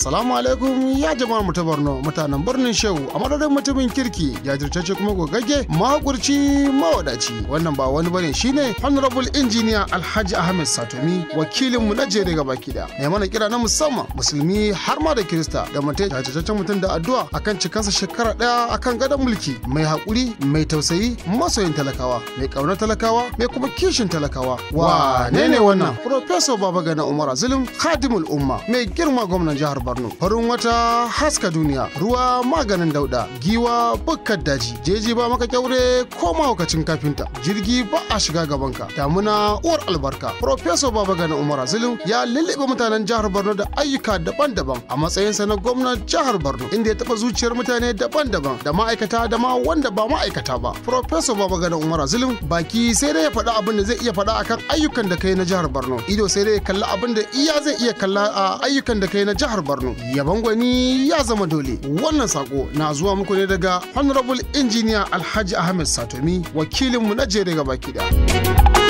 Assalamu alaikum ya jama'ar mu ta Borno mutanen birnin Shehu a madadin mutumin kirki jajirtacce kuma gogagge makurci mawadaci wannan ba wani bane shine Honorable Engineer Alhaji Ahmed Satomi wakilin mu na jere gaba kida mai mana kira na musamman musulmi har ma da Kirista da mutai jajirtaccen mutum da addu'a akan cikansa shekara daya akan gadon mulki mai hakuri mai tausayi masoyin talakawa mai kaunar talakawa mai kuma kishin talakawa wa ne ne wannan Professor Babagana Umar Azulum Khadimul Umma mai girma gwamnan jihar Borno. Farin wata haska duniya, ruwa maganin dauda, giwa bukkar daji, jeji ba maka kyaure ko mahaukacin kafinta, jirgi ba a shiga gabanka, damuna uwar albarka. Profeso Gani Umar Zulum ya lullube mutanen jihar Borno da ayyuka daban-daban a matsayinsa na gwamnan jihar Borno, inda ya taɓa zuciyar mutane daban-daban da ma'aikata da ma wanda ba ma'aikata ba. Profeso Gani Umar Zulum baki sai dai ya faɗa abin da zai iya faɗa akan ayyukan da kai na jihar Borno. Ido sai dai ya kalli abin da iya zai iya kalla a ayyukan da kai na jihar Borno. Borno. Yaban gwani ya zama dole. Wannan sako na zuwa muku ne daga Honorable Engineer Alhaji Ahmed Satomi, wakilinmu na jere gaba kida.